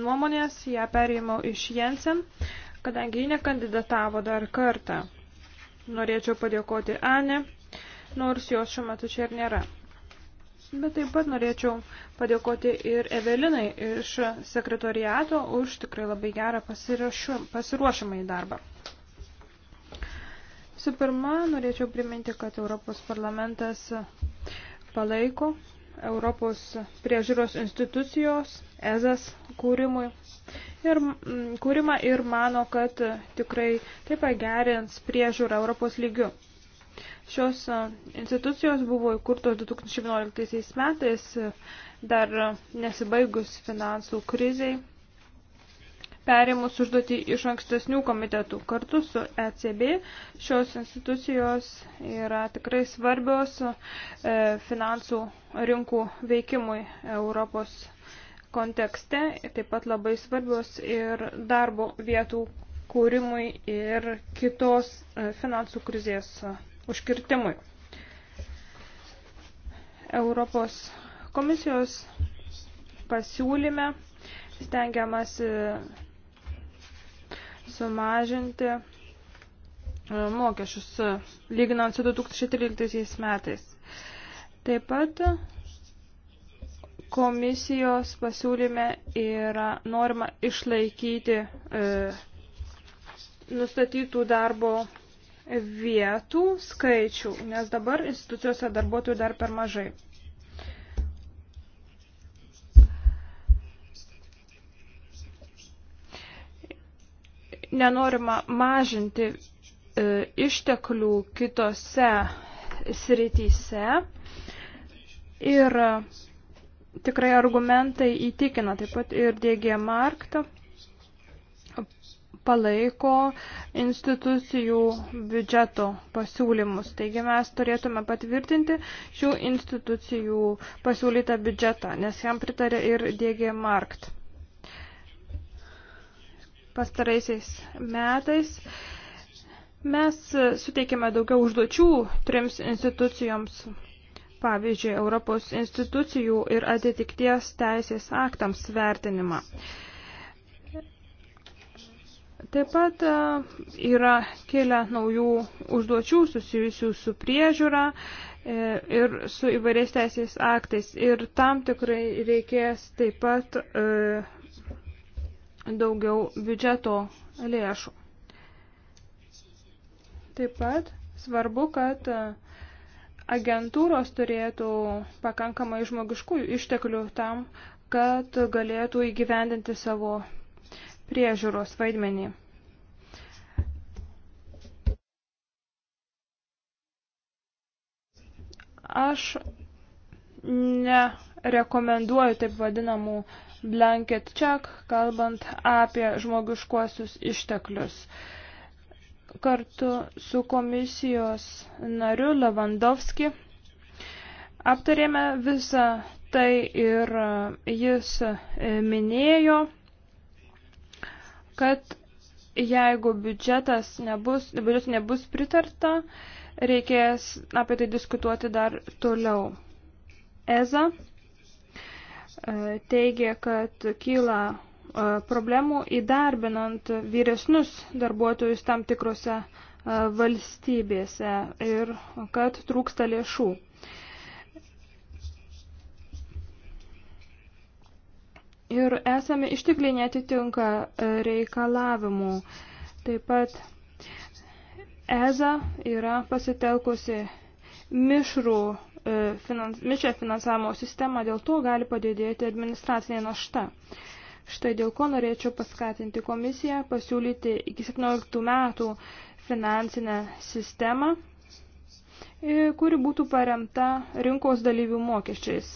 nuomonės, ją perėmiau iš Jensen, kadangi ji nekandidatavo dar kartą. Norėčiau padėkoti Ane, nors jos šiuo metu čia ir nėra. Bet taip pat norėčiau padėkoti ir Evelinai iš sekretoriato už tikrai labai gerą pasiruošimą į darbą. Visų pirma, norėčiau priminti, kad Europos parlamentas palaiko Europos priežiūros institucijos, EZAS kūrimui. Ir, mm, kūrimą ir mano, kad tikrai tai pagerins priežiūrą Europos lygiu. Šios institucijos buvo įkurtos 2011 metais, dar nesibaigus finansų kriziai perėmus užduoti iš ankstesnių komitetų. Kartu su ECB šios institucijos yra tikrai svarbios e, finansų rinkų veikimui Europos kontekste, taip pat labai svarbios ir darbo vietų kūrimui ir kitos e, finansų krizės užkirtimui. Europos komisijos pasiūlyme stengiamasi sumažinti e, mokesčius, e, lyginant su 2013 metais. Taip pat komisijos pasiūlyme yra norima išlaikyti e, nustatytų darbo vietų skaičių, nes dabar institucijose darbuotojų dar per mažai. nenorima mažinti e, išteklių kitose srityse. Ir e, tikrai argumentai įtikina taip pat ir DG Marktą palaiko institucijų biudžeto pasiūlymus. Taigi mes turėtume patvirtinti šių institucijų pasiūlytą biudžetą, nes jam pritarė ir DG Markt pastaraisiais metais. Mes suteikėme daugiau užduočių trims institucijoms, pavyzdžiui, Europos institucijų ir atitikties teisės aktams vertinimą. Taip pat e, yra kilę naujų užduočių susijusių su priežiūra e, ir su įvairiais teisės aktais. Ir tam tikrai reikės taip pat e, daugiau biudžeto lėšų. Taip pat svarbu, kad e, agentūros turėtų pakankamai žmogiškųjų išteklių tam, kad galėtų įgyvendinti savo priežiūros vaidmenį. Aš nerekomenduoju taip vadinamų blanket check, kalbant apie žmogiškuosius išteklius. Kartu su komisijos nariu Levandovski aptarėme visą tai ir e, jis e, minėjo, kad jeigu biudžetas nebus, biudžetas nebus pritarta, reikės apie tai diskutuoti dar toliau. EZA E, teigia, kad kyla e, problemų įdarbinant vyresnius darbuotojus tam tikrose e, valstybėse ir kad trūksta lėšų. Ir esame ištikliai netitinka reikalavimų. Taip pat EZA yra pasitelkusi mišrų E, finans, mišę finansavimo sistemą, dėl to gali padidėti administracinė našta. Štai dėl ko norėčiau paskatinti komisiją pasiūlyti iki 17 metų finansinę sistemą, e, kuri būtų paremta rinkos dalyvių mokesčiais.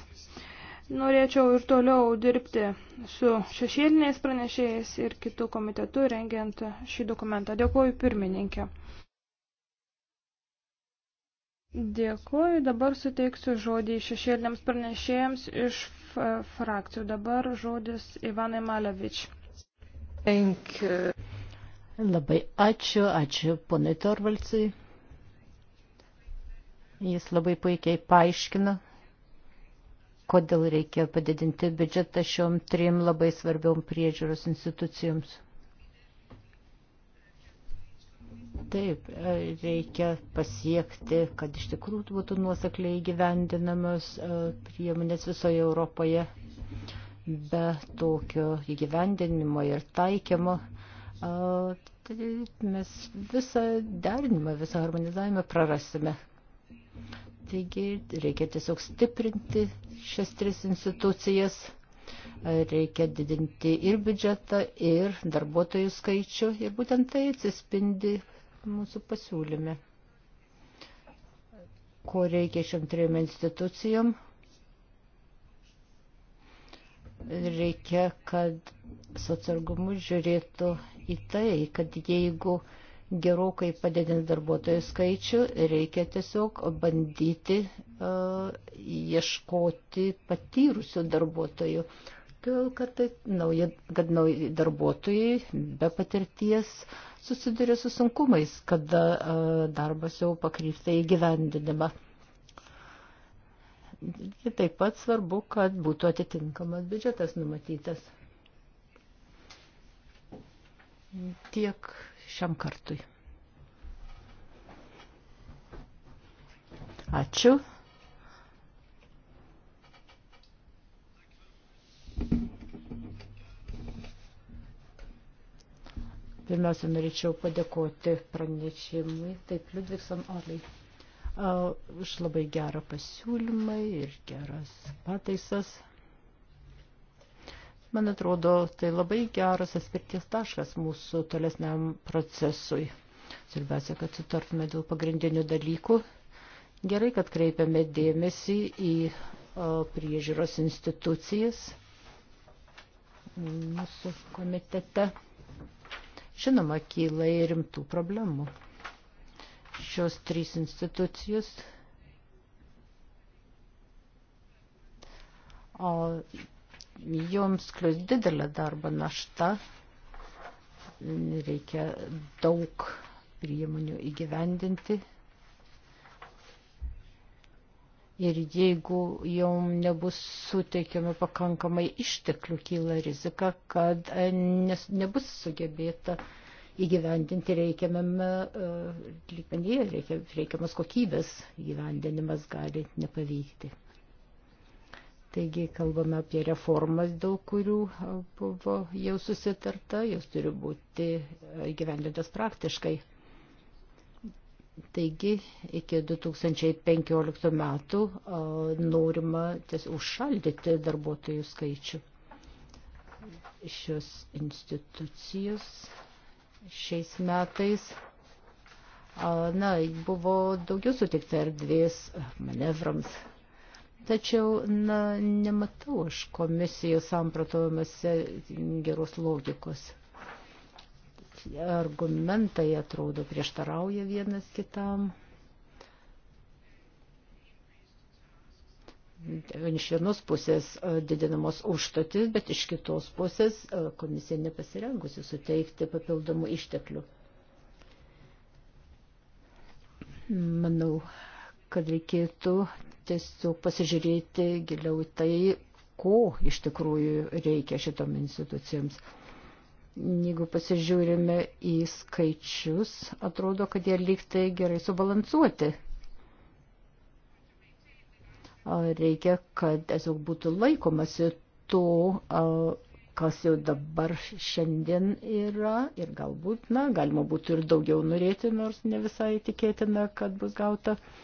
Norėčiau ir toliau dirbti su šešėliniais pranešėjais ir kitų komitetų rengiant šį dokumentą. Dėkuoju pirmininkė. Dėkuoju, dabar suteiksiu žodį šešėliniams pranešėjams iš frakcijų. Dabar žodis Ivanai Malevič. Labai ačiū, ačiū ponai Torvalcui. Jis labai puikiai paaiškino, kodėl reikėjo padidinti biudžetą šiom trim labai svarbiom priežiūros institucijoms. Taip, e, reikia pasiekti, kad iš tikrųjų būtų nuosekliai gyvendinamos e, priemonės visoje Europoje. Be tokio įgyvendinimo ir taikymo e, tai mes visą derinimą, visą harmonizavimą prarasime. Taigi reikia tiesiog stiprinti šias tris institucijas reikia didinti ir biudžetą, ir darbuotojų skaičių. Ir būtent tai atsispindi mūsų pasiūlyme, ko reikia šiom trim institucijom. Reikia, kad socialgumus žiūrėtų į tai, kad jeigu gerokai padidins darbuotojų skaičių, reikia tiesiog bandyti uh, ieškoti patyrusių darbuotojų. Uh, todėl kad, tai nauja, kad nauji darbuotojai be patirties susiduria su sunkumais, kada a, darbas jau pakrypsta į gyvendinimą. Ir taip pat svarbu, kad būtų atitinkamas biudžetas numatytas. Tiek šiam kartui. Ačiū. Pirmiausia, norėčiau padėkoti pranešimui, taip Liudvikson Orlai, už labai gerą pasiūlymą ir geras pataisas. Man atrodo, tai labai geras atspirties taškas mūsų tolesniam procesui. Svarbiausia, kad sutartume dėl pagrindinių dalykų. Gerai, kad kreipiame dėmesį į priežiūros institucijas mūsų komitete Žinoma, kyla ir rimtų problemų. Šios trys institucijos o joms klius didelė darbo našta, reikia daug priemonių įgyvendinti Ir jeigu jau nebus suteikiami pakankamai išteklių, kyla rizika, kad e, nes, nebus sugebėta įgyvendinti reikiamame e, lygmenyje, reikia, reikiamas kokybės įgyvendinimas gali nepavykti. Taigi kalbame apie reformas, dėl kurių e, buvo jau susitarta, jos turi būti gyvendintas praktiškai. Taigi iki 2015 metų norima ties užšaldyti darbuotojų skaičių. Šios institucijos šiais metais na, buvo daugiau sutikta erdvės manevrams. Tačiau na, nematau aš komisijos sampratojimuose geros logikos argumentai atrodo prieštarauja vienas kitam. Iš vienos pusės e, didinamos užduotis, bet iš kitos pusės e, komisija nepasirengusi suteikti papildomų išteklių. Manau, kad reikėtų tiesiog pasižiūrėti giliau tai, ko iš tikrųjų reikia šitom institucijoms jeigu pasižiūrime į skaičius, atrodo, kad jie lygtai gerai subalansuoti. Reikia, kad tiesiog būtų laikomasi to, kas jau dabar šiandien yra ir galbūt, na, galima būtų ir daugiau norėti, nors ne visai tikėtina, kad bus gauta uh,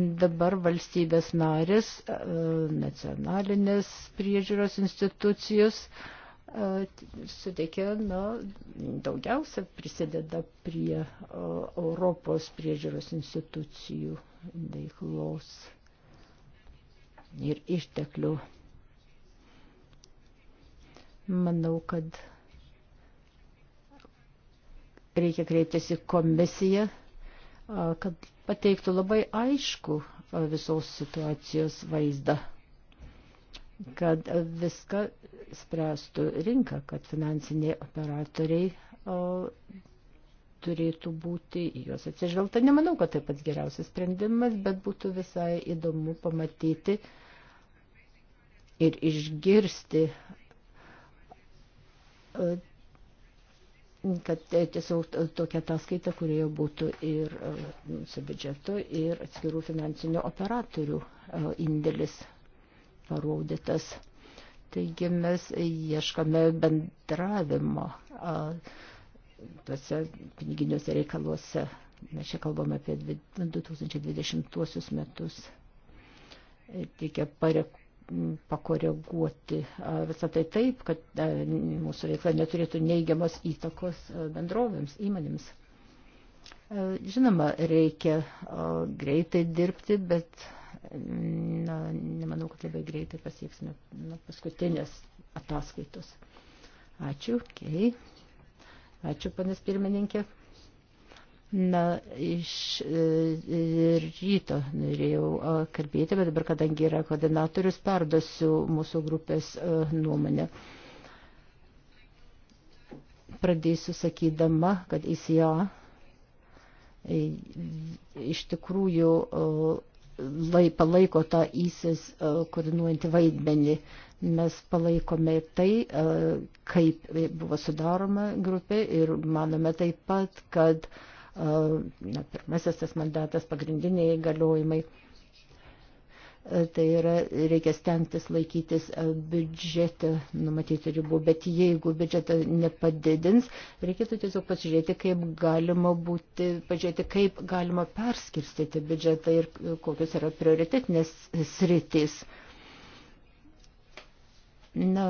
Dabar valstybės narės, e, nacionalinės priežiūros institucijos e, suteikia na, daugiausia prisideda prie Europos priežiūros institucijų veiklos ir išteklių. Manau, kad reikia kreiptis į komisiją, kad pateiktų labai aišku e, visos situacijos vaizdą, kad viską spręstų rinka, kad finansiniai operatoriai e, turėtų būti juos atsižvelgta. Nemanau, kad tai pats geriausias sprendimas, bet būtų visai įdomu pamatyti ir išgirsti e, kad e, tiesiog tokia ataskaita, kurioje būtų ir e, su biudžetu, ir atskirų finansinių operatorių e, indėlis parodytas. Taigi mes ieškame bendravimo tuose piniginiuose reikaluose. Mes čia kalbame apie 2020 metus. Reikia pakoreguoti visą tai taip, kad mūsų veikla neturėtų neigiamos įtakos bendrovėms, įmonėms. Žinoma, reikia greitai dirbti, bet mm, na, nemanau, kad labai greitai pasieksime na, paskutinės ataskaitos. Ačiū, kei. Ačiū, panas pirmininkė. Na, iš e, e, ryto norėjau kalbėti, bet dabar, kadangi yra koordinatorius, perdosiu mūsų grupės nuomonę. Pradėsiu sakydama, kad ICA e, iš tikrųjų lai, palaiko tą įsis koordinuojantį vaidmenį. Mes palaikome tai, kaip buvo sudaroma grupė ir manome taip pat, kad uh, na, pirmasis tas mandatas, pagrindiniai įgaliojimai. Tai yra, reikia stengtis laikytis biudžetą numatyti ribų, bet jeigu biudžetą nepadidins, reikėtų tiesiog pasižiūrėti, kaip galima būti, pažiūrėti, kaip galima perskirstyti biudžetą ir kokios yra prioritetinės sritis. Na,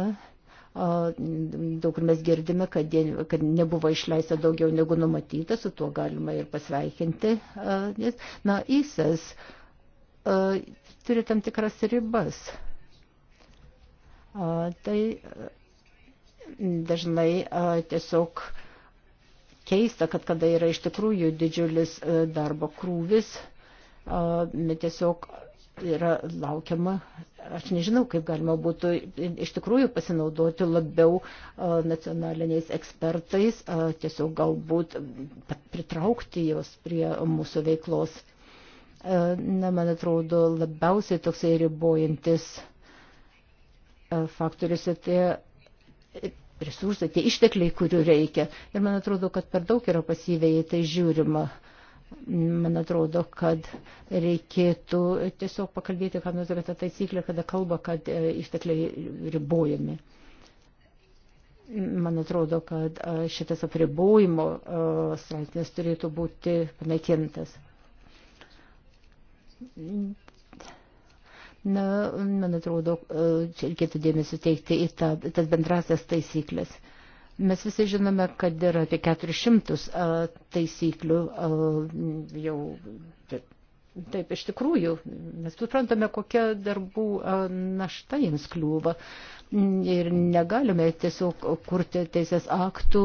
daug kur mes girdime, kad, dien, kad nebuvo išleista daugiau negu numatyta, su tuo galima ir pasveikinti. Nes, na, ISIS turi tam tikras ribas. Tai dažnai tiesiog keista, kad kada yra iš tikrųjų didžiulis darbo krūvis, bet tiesiog yra laukiama, aš nežinau, kaip galima būtų iš tikrųjų pasinaudoti labiau nacionaliniais ekspertais, tiesiog galbūt pritraukti juos prie mūsų veiklos. Na, man atrodo, labiausiai toksai ribojantis faktorius tai resursai, tie ištekliai, kurių reikia. Ir man atrodo, kad per daug yra pasyviai tai žiūrima. Uh, man atrodo, kad reikėtų tiesiog pakalbėti, ką nors apie tą taisyklę, kada kalba, kad e, ištekliai ribojami. Man atrodo, kad e, šitas apribojimo e, straipsnis turėtų būti panaikintas. Na, man atrodo, čia reikėtų dėmesį teikti į ta, tas bendrasias taisyklės. Mes visi žinome, kad yra apie 400 taisyklių jau. Taip, iš tikrųjų, mes suprantame, kokia darbų našta jiems kliūva ir negalime tiesiog kurti teisės aktų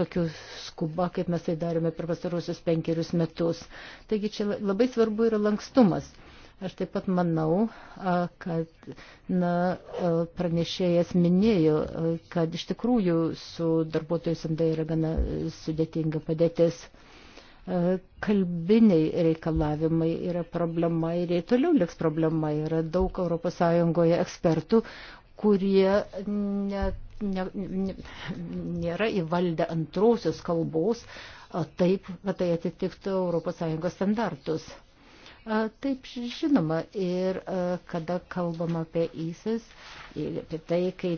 tokių skuba, kaip mes tai darėme per pastarosius penkerius metus. Taigi čia labai svarbu yra lankstumas. Aš taip pat manau, kad na, pranešėjas minėjo, kad iš tikrųjų su darbuotojų samda yra gana sudėtinga padėtis. Kalbiniai reikalavimai yra problema ir jie toliau liks problema. Yra daug ES ekspertų, kurie net ne, ne, nėra įvaldę antrosios kalbos taip, kad tai atitiktų ES standartus. Taip žinoma ir kada kalbam apie įsis ir apie tai, kai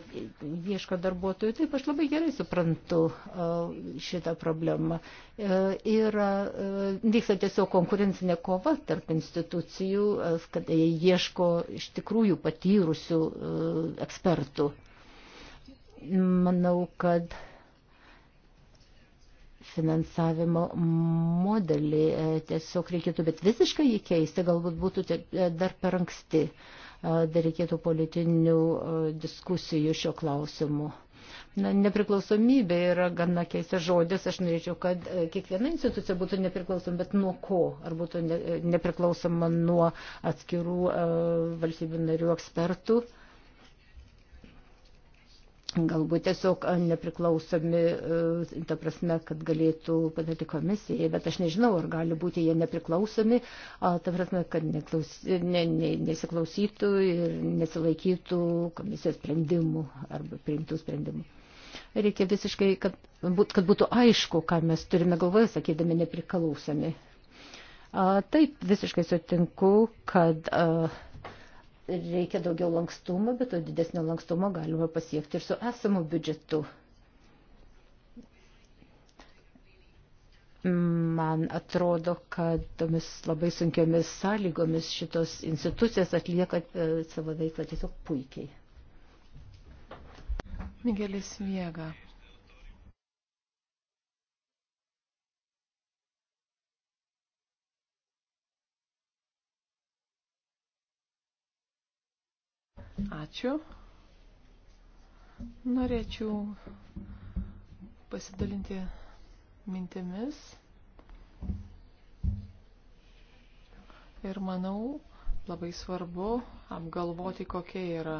ieško darbuotojų, taip aš labai gerai suprantu šitą problemą. E, ir e, vyksta tiesiog konkurencinė kova tarp institucijų, kada jie ieško iš tikrųjų patyrusių e, ekspertų. Manau, kad finansavimo modelį e, tiesiog reikėtų, bet visiškai jį keisti galbūt būtų e, dar per anksti, e, dar reikėtų politinių diskusijų šio klausimu. Na, nepriklausomybė yra gana keistas žodis. Aš norėčiau, kad kiekviena institucija būtų nepriklausoma, bet nuo ko? Ar būtų nepriklausoma nuo atskirų valstybių narių ekspertų? Uh, galbūt tiesiog nepriklausomi, e, ta prasme, kad galėtų padaryti komisijai, bet aš nežinau, ar gali būti jie nepriklausomi, ta prasme, kad neklaus, ne, ne, nesiklausytų ir nesilaikytų komisijos sprendimų arba priimtų sprendimų. Reikia visiškai, kad, kad būtų aišku, ką mes turime galvoje, sakydami nepriklausomi. A, taip, visiškai sutinku, kad. A, reikia daugiau lankstumo, bet to didesnio lankstumo galima pasiekti ir su esamu biudžetu. Man atrodo, kad tomis labai sunkiomis sąlygomis šitos institucijas atlieka e, savo veiklą tiesiog puikiai. Miguelis Viega. Ačiū. Norėčiau pasidalinti mintimis. Ir manau, labai svarbu apgalvoti, kokia yra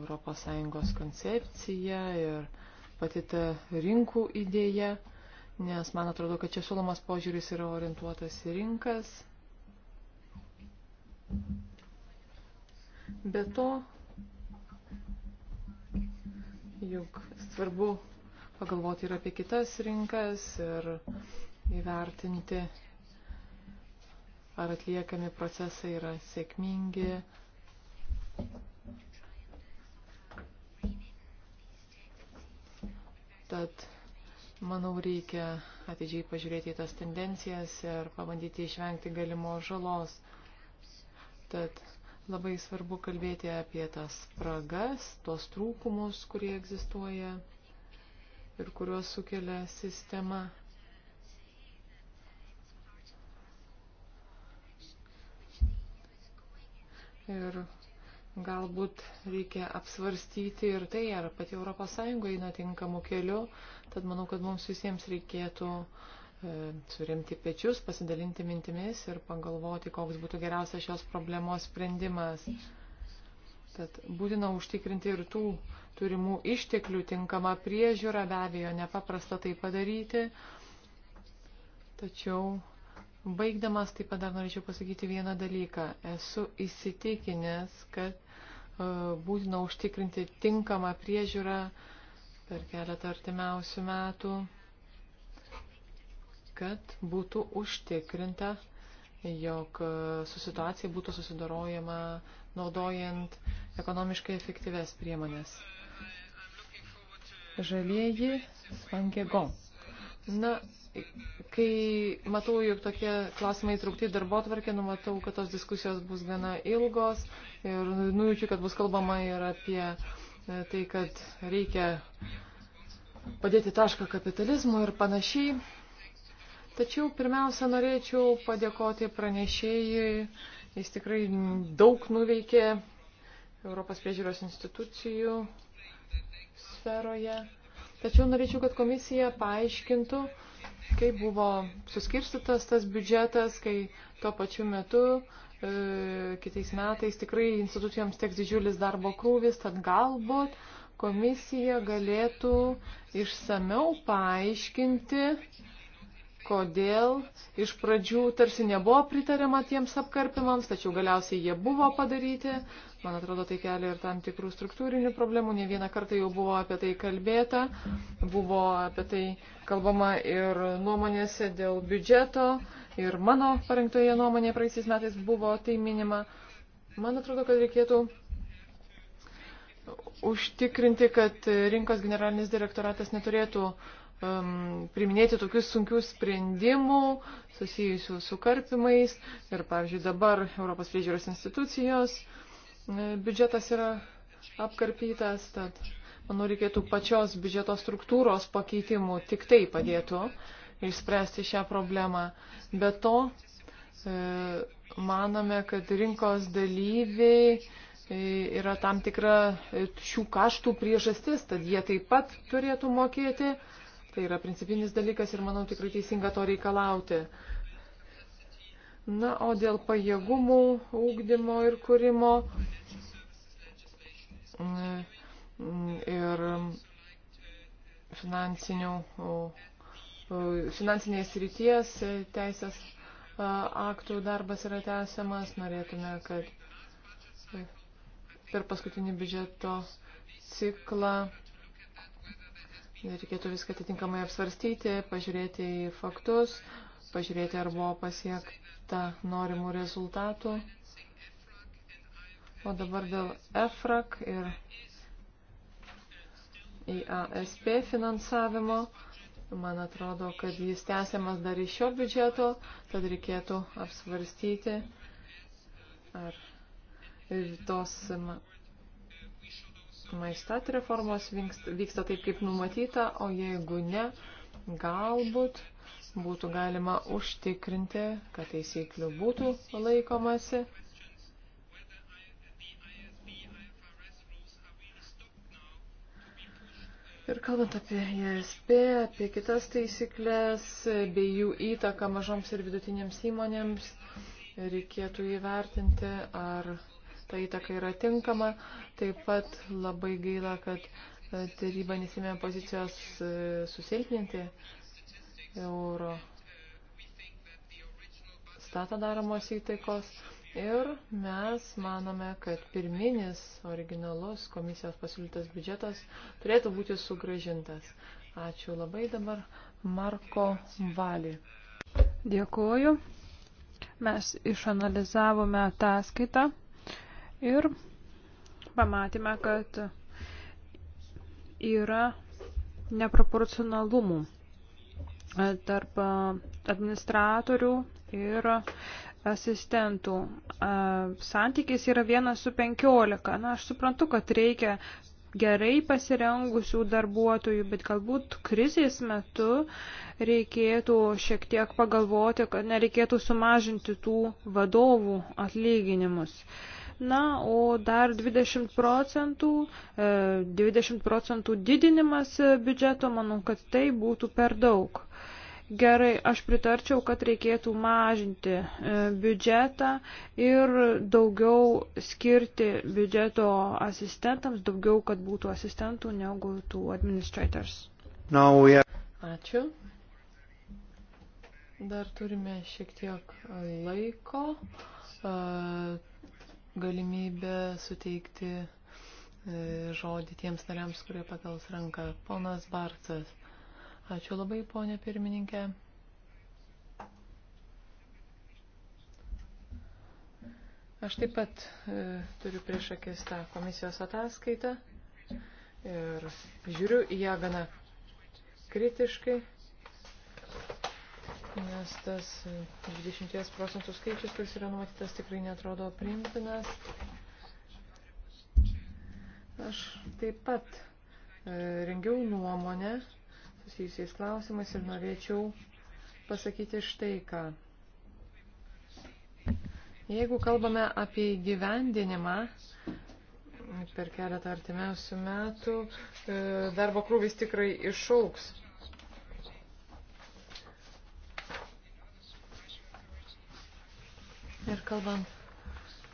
ES koncepcija ir pati ta rinkų idėja, nes man atrodo, kad čia siūlomas požiūris yra orientuotas į rinkas. Thank you. Be to, juk svarbu pagalvoti ir apie kitas rinkas ir įvertinti, ar atliekami procesai yra sėkmingi. Tad, manau, reikia atidžiai pažiūrėti į tas tendencijas ir pabandyti išvengti galimos žalos. Tad Labai svarbu kalbėti apie tas spragas, tos trūkumus, kurie egzistuoja ir kuriuos sukelia sistema. Ir galbūt reikia apsvarstyti ir tai, ar pati ES eina tinkamu keliu, tad manau, kad mums visiems reikėtų uh, E, suremti pečius, pasidalinti mintimis ir pagalvoti, koks būtų geriausias šios problemos sprendimas. Tad būtina užtikrinti ir tų turimų išteklių tinkamą priežiūrą, be abejo, nepaprasta tai padaryti. Tačiau baigdamas taip pat dar norėčiau pasakyti vieną dalyką. Esu įsitikinęs, kad e, būtina užtikrinti tinkamą priežiūrą per keletą artimiausių metų kad būtų užtikrinta, jog e, su situacija būtų susidarojama naudojant ekonomiškai efektyves priemonės. Žalieji Svangego. Na, kai matau, jog tokie klausimai įtraukti į darbo tvarkę, numatau, kad tos diskusijos bus gana ilgos ir nujaučiu, kad bus kalbama ir apie e, tai, kad reikia padėti tašką kapitalizmui ir panašiai. Tačiau pirmiausia, norėčiau padėkoti pranešėjui. Jis tikrai daug nuveikė Europos priežiūros institucijų sferoje. Tačiau norėčiau, kad komisija paaiškintų, kaip buvo suskirstytas tas biudžetas, kai tuo pačiu metu e, kitais metais tikrai institucijoms teks didžiulis darbo krūvis, tad galbūt komisija galėtų išsameu paaiškinti, kodėl iš pradžių tarsi nebuvo pritariama tiems apkarpimams, tačiau galiausiai jie buvo padaryti. Man atrodo, tai kelia ir tam tikrų struktūrinių problemų. Ne vieną kartą jau buvo apie tai kalbėta, buvo apie tai kalbama ir nuomonėse dėl biudžeto, ir mano parengtoje nuomonėje praeisiais metais buvo tai minima. Man atrodo, kad reikėtų užtikrinti, kad rinkos generalinis direktoratas neturėtų um, priminėti tokius sunkių sprendimų susijusių su karpimais. Ir, pavyzdžiui, dabar Europos priežiūros institucijos e, biudžetas yra apkarpytas, tad, manau, reikėtų pačios biudžeto struktūros pakeitimų, tik tai padėtų išspręsti šią problemą. Be to, e, manome, kad rinkos dalyviai e, yra tam tikra šių kaštų priežastis, tad jie taip pat turėtų mokėti Tai yra principinis dalykas ir manau tikrai teisinga to reikalauti. Na, o dėl pajėgumų, ūkdymo ir kūrimo ir finansinių, finansinės ryties teisės aktų darbas yra tęsiamas. Norėtume, kad per paskutinį biudžeto ciklą Reikėtų viską atitinkamai apsvarstyti, pažiūrėti į faktus, pažiūrėti, ar buvo pasiekta norimų rezultatų. O dabar dėl EFRAK ir IASP finansavimo. Man atrodo, kad jis tęsiamas dar iš šio biudžeto, tad reikėtų apsvarstyti, ar tos maistat tai reformos vyksta taip, kaip numatyta, o jeigu ne, galbūt būtų galima užtikrinti, kad taisyklių būtų laikomasi. Ir kalbant apie ESP, apie kitas taisyklės bei jų įtaką mažoms ir vidutinėms įmonėms, reikėtų įvertinti, ar ta įtaka yra tinkama. Taip pat labai gaila, kad e, taryba nesimė pozicijos e, susilpninti euro statą daromos įtaikos. Ir mes manome, kad pirminis originalus komisijos pasiūlytas biudžetas turėtų būti sugražintas. Ačiū labai dabar Marko Valį. Dėkuoju. Mes išanalizavome ataskaitą. Ir pamatėme, kad yra neproporcionalumų e, tarp e, administratorių ir asistentų. E, santykis yra vienas su penkiolika. Na, aš suprantu, kad reikia gerai pasirengusių darbuotojų, bet galbūt krizės metu reikėtų šiek tiek pagalvoti, kad nereikėtų sumažinti tų vadovų atlyginimus. Uh, Na, o dar 20 procentų, 20 e, procentų didinimas e, biudžeto, manau, kad tai būtų per daug. Gerai, aš pritarčiau, kad reikėtų mažinti e, biudžetą ir daugiau skirti biudžeto asistentams, daugiau, kad būtų asistentų negu tų administrators. Now we are... Ačiū. Dar turime šiek tiek laiko galimybę suteikti e, žodį tiems nariams, kurie pakels ranką. Ponas Barcas. Ačiū labai, ponė pirmininkė. Aš taip pat e, turiu prieš akis tą komisijos ataskaitą ir žiūriu į ją gana kritiškai nes tas 20 procentų skaičius, kuris yra numatytas, tikrai netrodo priimtinas. Aš taip pat e, rengiau nuomonę susijusiais klausimais ir norėčiau pasakyti štai ką. Jeigu kalbame apie įgyvendinimą, per keletą artimiausių metų e, darbo krūvis tikrai išauks. Ir kalbant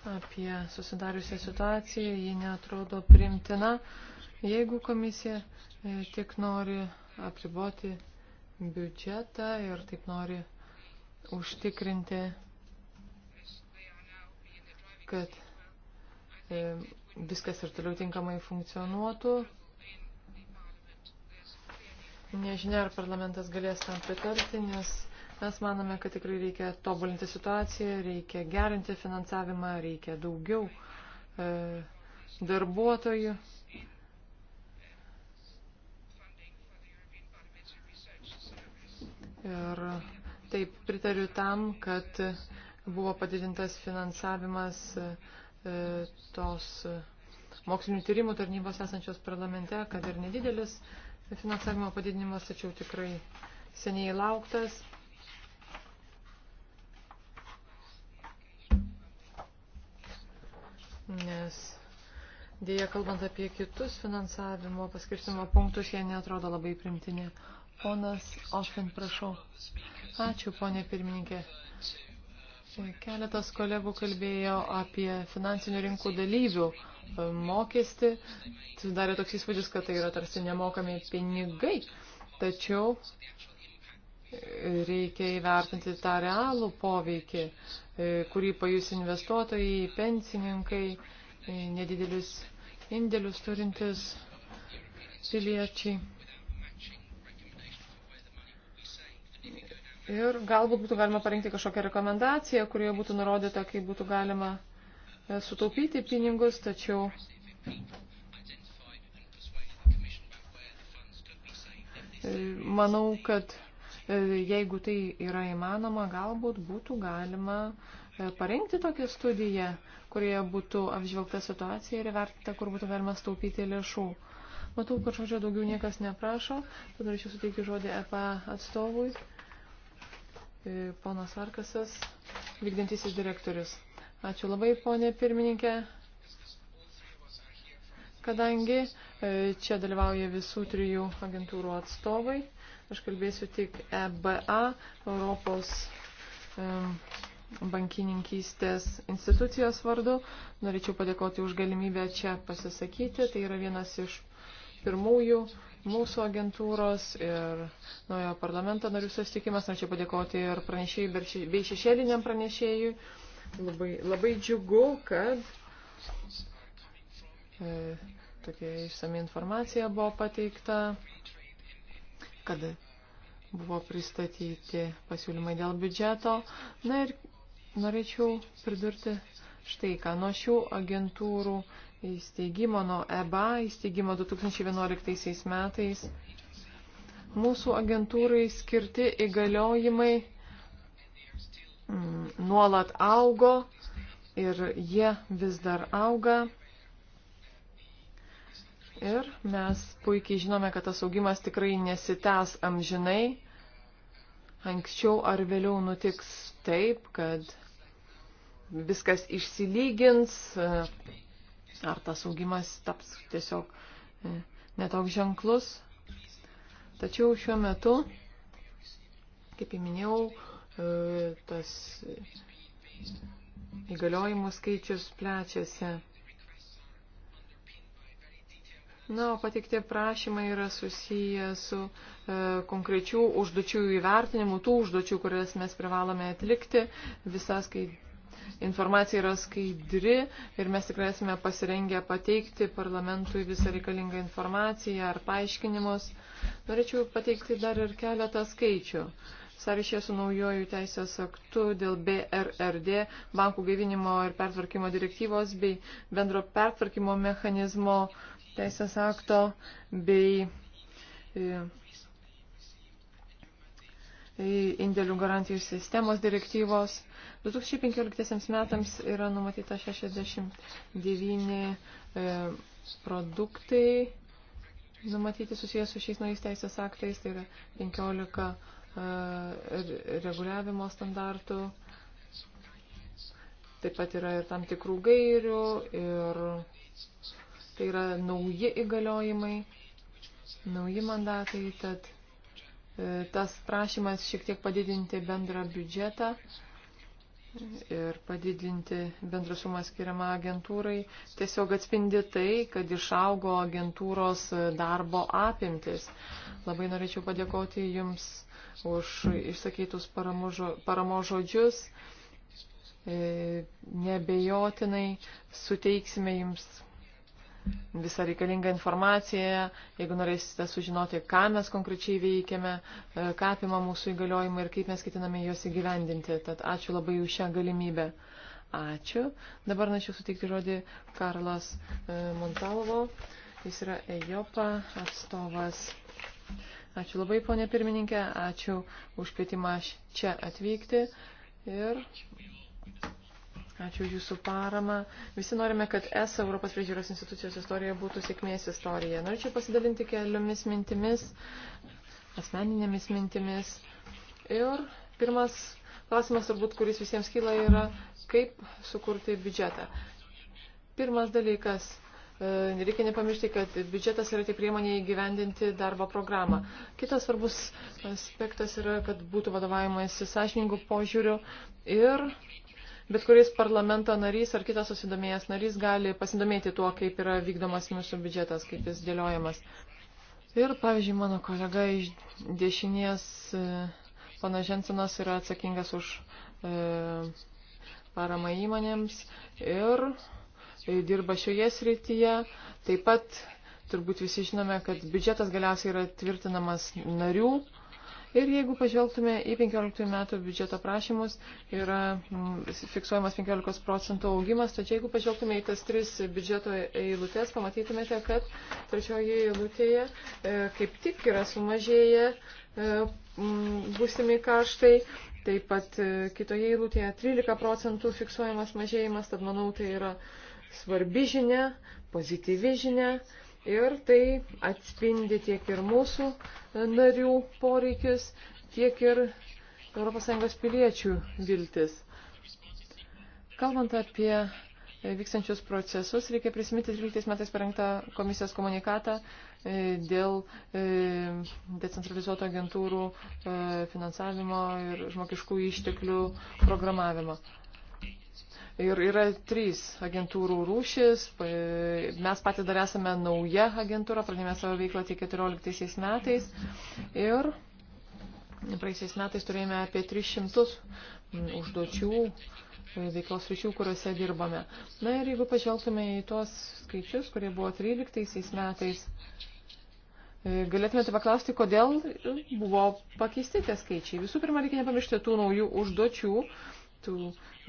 apie susidariusią situaciją, ji netrodo primtina, jeigu komisija e, tik nori apriboti biudžetą ir taip nori užtikrinti, kad e, viskas ir toliau tinkamai funkcionuotų. Nežinia, ar parlamentas galės tam pritarti, nes Mes manome, kad tikrai reikia tobulinti situaciją, reikia gerinti finansavimą, reikia daugiau e, darbuotojų. Ir taip pritariu tam, kad buvo padidintas finansavimas e, tos mokslinių tyrimų tarnybos esančios parlamente, kad ir nedidelis finansavimo padidinimas, tačiau tikrai seniai lauktas. nes dėja, kalbant apie kitus finansavimo paskirstimo punktus, jie netrodo labai primtini. Ponas Ošvin, prašau. Ačiū, ponė pirmininkė. Keletas kolegų kalbėjo apie finansinių rinkų dalyvių e, mokestį. Sudarė toks įspūdis, kad tai yra tarsi nemokami pinigai. Tačiau reikia įvertinti tą realų poveikį, e, kurį pajus investuotojai, pensininkai, e, nedidelius indėlius turintis piliečiai. Ir galbūt būtų galima parinkti kažkokią rekomendaciją, kurioje būtų nurodyta, kaip būtų galima e, sutaupyti pinigus, tačiau manau, kad E, jeigu tai yra įmanoma, galbūt būtų galima e, parengti tokią studiją, kurioje būtų apžvelgta situacija ir įvertinta, kur būtų galima staupyti lėšų. Matau, kad žodžio daugiau niekas neprašo, tad norėčiau suteikti žodį EPA atstovui, e, ponas Arkasas, vykdantisis direktorius. Ačiū labai, ponė pirmininkė. Kadangi čia dalyvauja visų trijų agentūrų atstovai, Aš kalbėsiu tik EBA, Europos bankininkystės institucijos vardu. Norėčiau padėkoti už galimybę čia pasisakyti. Tai yra vienas iš pirmųjų mūsų agentūros ir naujo parlamento narių susitikimas. Norėčiau padėkoti ir pranešėjai bei šešėliniam pranešėjui. Labai, labai džiugu, kad e, tokia išsami informacija buvo pateikta kad buvo pristatyti pasiūlymai dėl biudžeto. Na ir norėčiau pridurti štai ką. Nuo šių agentūrų įsteigimo, nuo EBA įsteigimo 2011 metais mūsų agentūrai skirti įgaliojimai mm, nuolat augo ir jie vis dar auga. Ir mes puikiai žinome, kad tas augimas tikrai nesitęs amžinai. Anksčiau ar vėliau nutiks taip, kad viskas išsilygins, ar tas augimas taps tiesiog e, netoks ženklus. Tačiau šiuo metu, kaip įminėjau, e, tas įgaliojimų skaičius plečiasi. Na, o pateikti prašymai yra susiję su e, konkrečių užduočių įvertinimu, tų užduočių, kurias mes privalome atlikti. Visa skai... informacija yra skaidri ir mes tikrai esame pasirengę pateikti parlamentui visą reikalingą informaciją ar paaiškinimus. Norėčiau pateikti dar ir keletą skaičių sąryšė su naujojų teisės aktu dėl BRRD, bankų gaivinimo ir pertvarkymo direktyvos bei bendro pertvarkymo mechanizmo teisės akto bei e, e, indėlių garantijų sistemos direktyvos. 2015 metams yra numatyta 69 e, produktai numatyti susijęs su šiais naujais teisės aktais, tai yra 15 reguliavimo standartų, taip pat yra ir tam tikrų gairių ir Tai yra nauji įgaliojimai, nauji mandatai, tad e, tas prašymas šiek tiek padidinti bendrą biudžetą ir padidinti bendrą sumą skiriamą agentūrai tiesiog atspindi tai, kad išaugo agentūros darbo apimtis. Labai norėčiau padėkoti Jums už išsakytus paramo žodžius. E, Nebejotinai suteiksime Jums visą reikalingą informaciją, jeigu norėsite sužinoti, ką mes konkrečiai veikiame, e, ką apima mūsų įgaliojimai ir kaip mes ketiname juos įgyvendinti. Tad ačiū labai už šią galimybę. Ačiū. Dabar norėčiau suteikti žodį Karlas e, Montalovo. Jis yra EJOPA atstovas. Ačiū labai, ponė pirmininkė. Ačiū už kvietimą čia atvykti. Ir Ačiū Jūsų paramą. Visi norime, kad ES Europos priežiūros institucijos istorija būtų sėkmės istorija. Norėčiau pasidalinti keliomis mintimis, asmeninėmis mintimis. Ir pirmas klausimas, turbūt, kuris visiems kyla, yra, kaip sukurti biudžetą. Pirmas dalykas. E, reikia nepamiršti, kad biudžetas yra tik priemonė įgyvendinti darbo programą. Kitas svarbus aspektas yra, kad būtų vadovavimas sąžiningų požiūrių ir bet kuris parlamento narys ar kitas susidomėjęs narys gali pasidomėti tuo, kaip yra vykdomas mūsų biudžetas, kaip jis dėliojamas. Ir, pavyzdžiui, mano kolega iš dešinės, e, pana Žensinas, yra atsakingas už e, paramą įmonėms ir e, dirba šioje srityje. Taip pat turbūt visi žinome, kad biudžetas galiausiai yra tvirtinamas narių Ir jeigu pažvelgtume į 15 metų biudžeto prašymus, yra mm, fiksuojamas 15 procentų augimas, tačiau jeigu pažvelgtume į tas tris biudžeto eilutės, pamatytumėte, kad trečioje eilutėje e, kaip tik yra sumažėję e, mm, būsimi kaštai. Taip pat e, kitoje eilutėje 13 procentų fiksuojamas mažėjimas, tad manau tai yra svarbi žinia, pozityvi žinia. Ir tai atspindi tiek ir mūsų e, narių poreikius, tiek ir ES piliečių viltis. Kalbant apie e, vykstančius procesus, reikia prisiminti 13 metais parengtą komisijos komunikatą e, dėl decentralizuoto agentūrų finansavimo ir žmogiškų išteklių programavimo. Ir yra trys agentūrų rūšis. Mes patys dar esame nauja agentūra, pradėjome savo veiklą tik 14 metais. Ir praeisiais metais turėjome apie 300 mm, užduočių veiklos ryšių, kuriuose dirbame. Na ir jeigu pažvelgtume į tuos skaičius, kurie buvo 13 metais, e, Galėtumėte paklausti, kodėl buvo pakeisti tie skaičiai. Visų pirma, reikia nepamiršti tų naujų užduočių, tų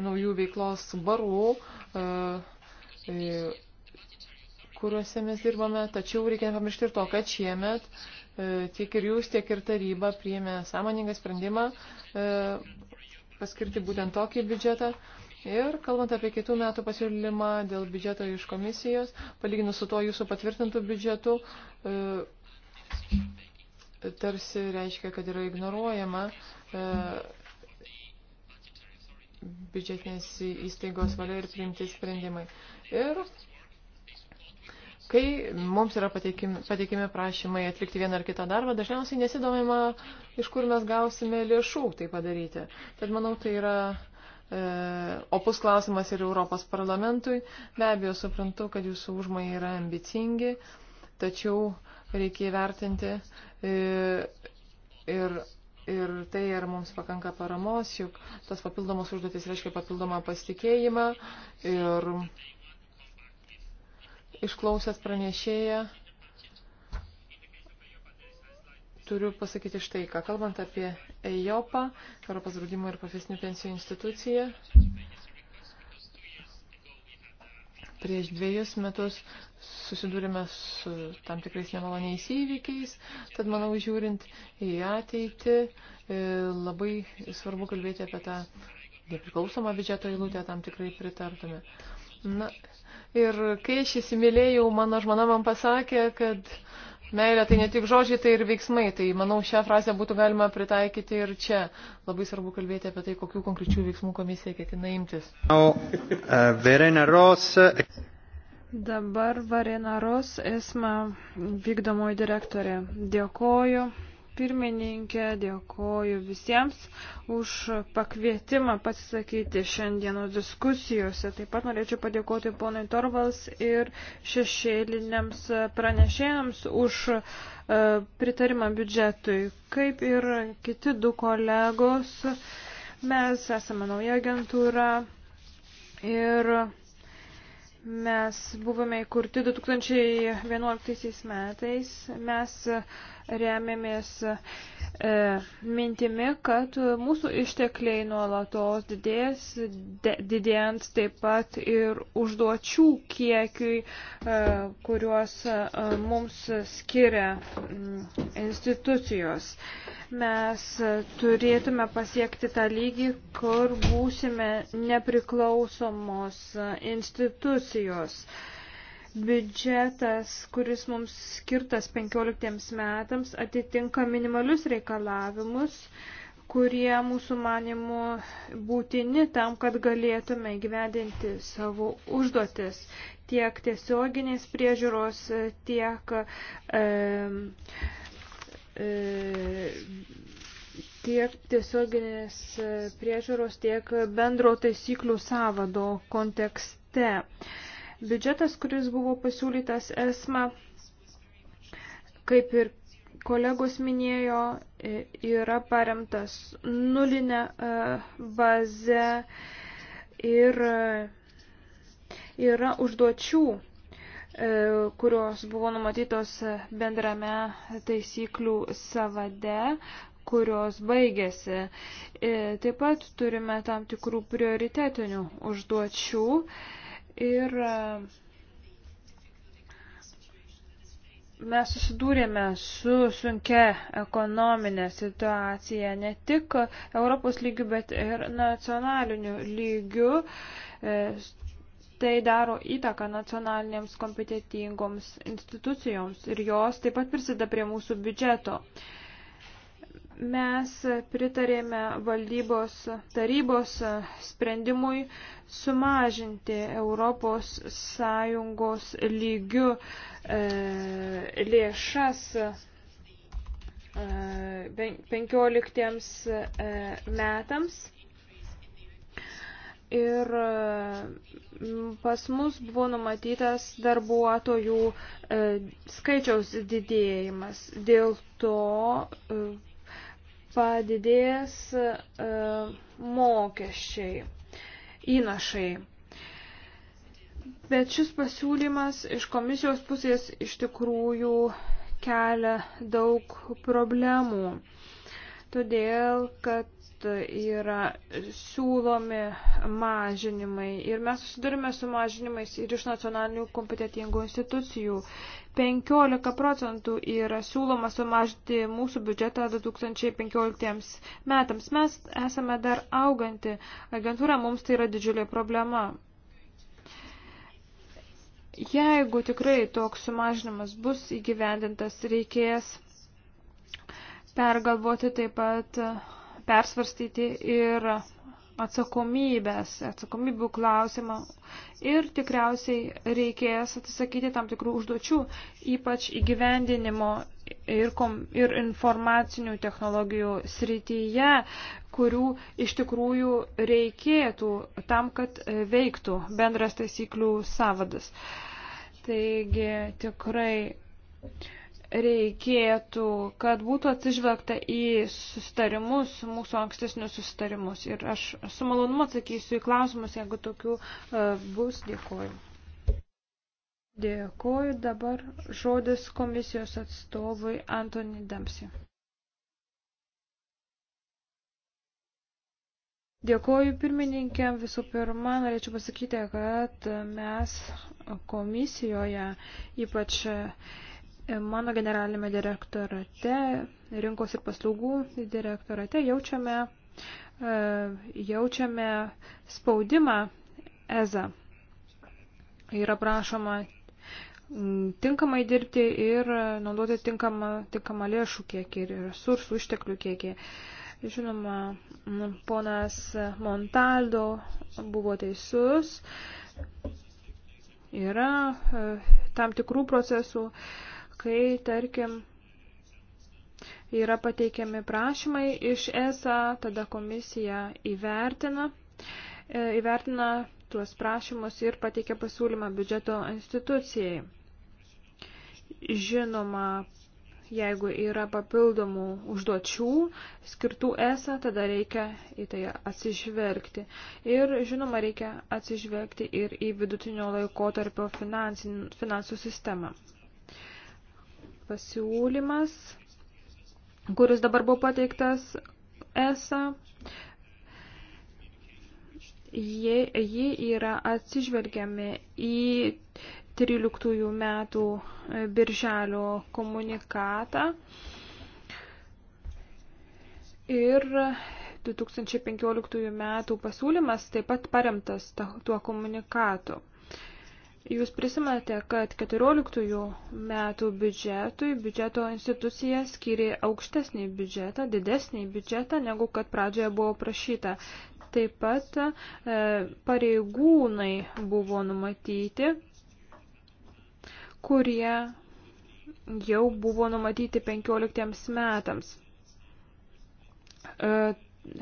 naujų veiklos barų, e, e, kuriuose mes dirbame, tačiau reikia nepamiršti ir to, kad šiemet e, tiek ir jūs, tiek ir taryba priėmė sąmoningą sprendimą paskirti būtent tokį biudžetą. Ir kalbant apie kitų metų pasiūlymą dėl biudžeto iš komisijos, palyginus su to jūsų patvirtintų biudžetu, tarsi reiškia, kad yra ignoruojama biudžetinės įstaigos valia ir priimti sprendimai. Ir kai mums yra pateikimi, pateikimi prašymai atlikti vieną ar kitą darbą, dažniausiai nesidomima, iš kur mes gausime lėšų tai padaryti. Tad manau, tai yra e, opus klausimas ir Europos parlamentui. Be abejo, suprantu, kad jūsų užmai yra ambicingi, tačiau reikia įvertinti e, ir Ir tai, ar mums pakanka paramos, juk tas papildomas užduotis reiškia papildomą pasitikėjimą. Ir išklausęs pranešėją, turiu pasakyti štai ką. Kalbant apie EIOPą, Europos draudimo ir profesinių pensijų instituciją, Prieš dviejus metus susidūrime su tam tikrais nemaloniais įvykiais, tad manau, žiūrint į ateitį, e, labai svarbu kalbėti apie tą nepriklausomą biudžeto eilutę, tam tikrai pritartume. Na, ir kai aš įsimylėjau, mano žmona man pasakė, kad Meilė tai ne tik žodžiai, tai ir veiksmai. Tai manau, šią frazę būtų galima pritaikyti ir čia. Labai svarbu kalbėti apie tai, kokių konkrečių veiksmų komisija ketina imtis. Uh, Dabar Varina Ros, esma vykdomoji direktorė. Dėkoju pirmininkė, dėkoju visiems už pakvietimą pasisakyti šiandienos diskusijose. Taip pat norėčiau padėkoti ponui Torvalds ir šešėliniams pranešėjams už e, pritarimą biudžetui. Kaip ir kiti du kolegos, mes esame nauja agentūra ir Mes buvome įkurti 2011 metais. Mes remiamės e, mintimi, kad mūsų ištekliai nuolatos didės, de, didėjant taip pat ir užduočių kiekiui, e, kuriuos e, mums skiria institucijos. E, mes turėtume pasiekti tą lygį, kur būsime nepriklausomos institucijos. Biudžetas, kuris mums skirtas 15 metams, atitinka minimalius reikalavimus, kurie mūsų manimu būtini tam, kad galėtume gyvendinti savo užduotis tiek tiesioginės priežiūros, tiek e, E, tiek tiesioginės priežiūros, tiek bendro taisyklių savado kontekste. Biudžetas, kuris buvo pasiūlytas ESMA, kaip ir kolegos minėjo, e, yra paremtas nulinę e, bazę ir yra užduočių E, kurios buvo numatytos bendrame taisyklių savade, kurios baigėsi. E, taip pat turime tam tikrų prioritetinių užduočių ir e, mes susidūrėme su sunkia ekonominė situacija ne tik Europos lygių, bet ir nacionaliniu lygiu tai daro įtaką nacionalinėms kompetitingoms institucijoms ir jos taip pat prisideda prie mūsų biudžeto. Mes pritarėme valdybos tarybos sprendimui sumažinti Europos Sąjungos lygių e, lėšas 15 e, e, metams ir e, pas mus buvo numatytas darbuotojų e, skaičiaus didėjimas. Dėl to e, padidės mokesčiai, įnašai. Bet šis pasiūlymas iš komisijos pusės iš tikrųjų kelia daug problemų. Todėl, kad yra siūlomi mažinimai ir mes susidurime su mažinimais ir iš nacionalinių kompetitingų institucijų. 15 procentų yra siūloma sumažinti mūsų biudžetą 2015 metams. Mes esame dar auganti agentūra, mums tai yra didžiulė problema. Jeigu tikrai toks sumažinimas bus įgyvendintas, reikės pergalvoti taip pat persvarstyti ir atsakomybės, atsakomybių klausimą ir tikriausiai reikės atsisakyti tam tikrų užduočių, ypač įgyvendinimo ir, kom, ir informacinių technologijų srityje, kurių iš tikrųjų reikėtų tam, kad veiktų bendras taisyklių savadas. Taigi tikrai reikėtų, kad būtų atsižvelgta į sustarimus, mūsų ankstesnius sustarimus. Ir aš su malonumu atsakysiu į klausimus, jeigu tokių e, bus. Dėkuoju. Dėkuoju dabar žodis komisijos atstovui Antoni Dempsi. Dėkuoju pirmininkė. Visų pirma, norėčiau pasakyti, kad mes komisijoje ypač Mano generalinėme direktorate, rinkos ir paslaugų direktorate jaučiame, e, jaučiame spaudimą EZA. Yra prašoma tinkamai dirbti ir naudoti tinkamą, tinkamą lėšų kiekį ir resursų išteklių kiekį. Žinoma, ponas Montaldo buvo teisus. Yra e, tam tikrų procesų, kai, tarkim, yra pateikiami prašymai iš ESA, tada komisija įvertina, e, įvertina tuos prašymus ir pateikia pasiūlymą biudžeto institucijai. Žinoma, jeigu yra papildomų užduočių skirtų esą, tada reikia į tai atsižvelgti. Ir žinoma, reikia atsižvelgti ir į vidutinio laiko tarpio finansų sistemą pasiūlymas, kuris dabar buvo pateiktas ESA, jie, jie yra atsižvelgiami į 13 metų birželio komunikatą ir 2015 metų pasiūlymas taip pat paremtas tuo komunikatu. Jūs prisimate, kad 14 metų biudžetui biudžeto institucija skiria aukštesnį biudžetą, didesnį biudžetą, negu kad pradžioje buvo prašyta. Taip pat e, pareigūnai buvo numatyti, kurie jau buvo numatyti 15 metams. E,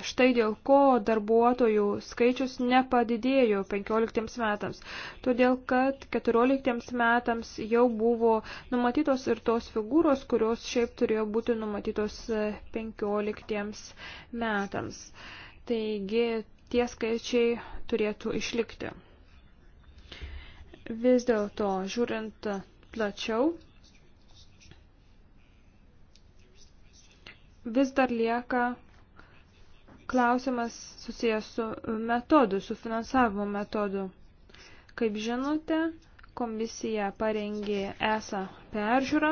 štai dėl ko darbuotojų skaičius nepadidėjo 15 metams, todėl kad 14 metams jau buvo numatytos ir tos figūros, kurios šiaip turėjo būti numatytos 15 e, metams. Taigi tie skaičiai turėtų išlikti. Vis dėlto, žiūrint plačiau, vis dar lieka klausimas susijęs su metodu, su finansavimo metodu. Kaip žinote, komisija parengė ESA peržiūrą,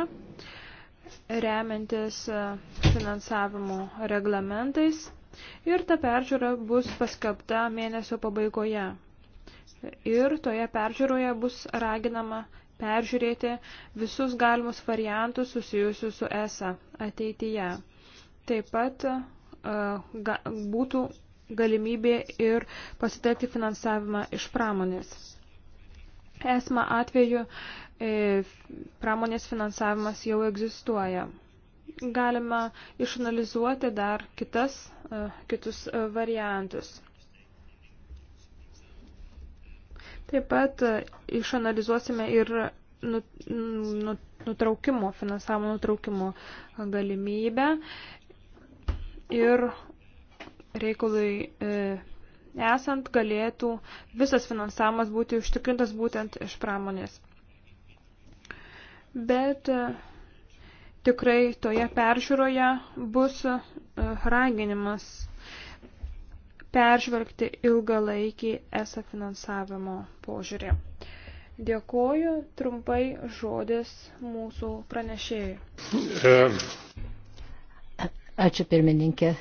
remiantis e, finansavimo reglamentais ir ta peržiūra bus paskelbta mėnesio pabaigoje. Ir toje peržiūroje bus raginama peržiūrėti visus galimus variantus susijusius su ESA ateityje. Taip pat ga, būtų galimybė ir pasitelkti finansavimą iš pramonės. Esma atveju e, pramonės finansavimas jau egzistuoja. Galima išanalizuoti dar kitas, e, kitus e, variantus. Taip pat išanalizuosime ir nu, nu, nu, nutraukimo, finansavimo nutraukimo galimybę ir reikalui e, esant galėtų visas finansavimas būti užtikrintas būtent iš pramonės. Bet e, tikrai toje peržiūroje bus e, raginimas peržvelgti ilgalaikį ESA finansavimo požiūrį. Dėkoju trumpai žodis mūsų pranešėjai. Ačiū pirmininkė.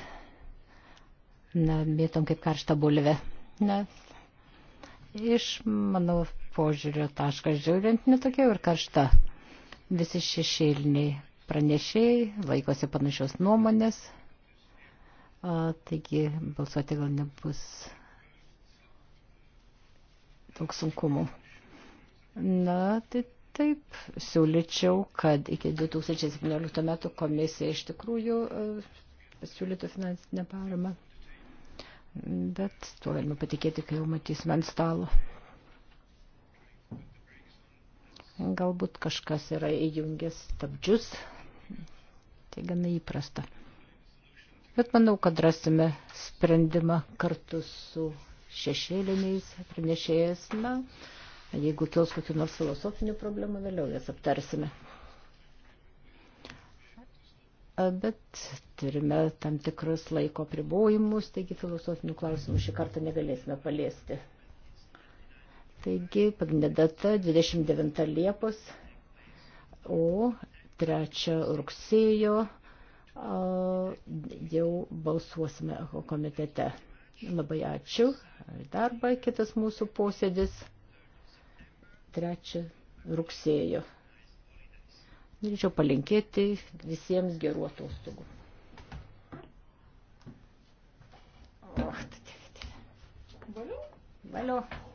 Na, mėtom kaip karštą bulvę. Na, iš mano požiūrio taškas žiūrint, netokia ir karšta. Visi šešėliniai pranešėjai laikosi panašios nuomonės. A, taigi balsuoti gal nebus daug sunkumų. Na, tai Taip, siūlyčiau, kad iki 2017 metų komisija iš tikrųjų e, pasiūlytų finansinę paramą. Bet tuo galima patikėti, kai jau matysime ant stalo. Galbūt kažkas yra įjungęs stabdžius. Tai gana įprasta. Bet manau, kad rasime sprendimą kartu su šešėliniais pranešėjais. Na, Jeigu kils kokiu nors filosofiniu problemu, vėliau jas aptarsime. Bet turime tam tikrus laiko pribojimus, taigi filosofinių klausimų šį kartą negalėsime paliesti. Taigi, pagrindinė data 29 Liepos, o 3 rugsėjo jau balsuosime komitete. Labai ačiū. Darba kitas mūsų posėdis. 3 rugsėjo. Norėčiau palinkėti visiems gerų atostogų. Valeu? Valeu.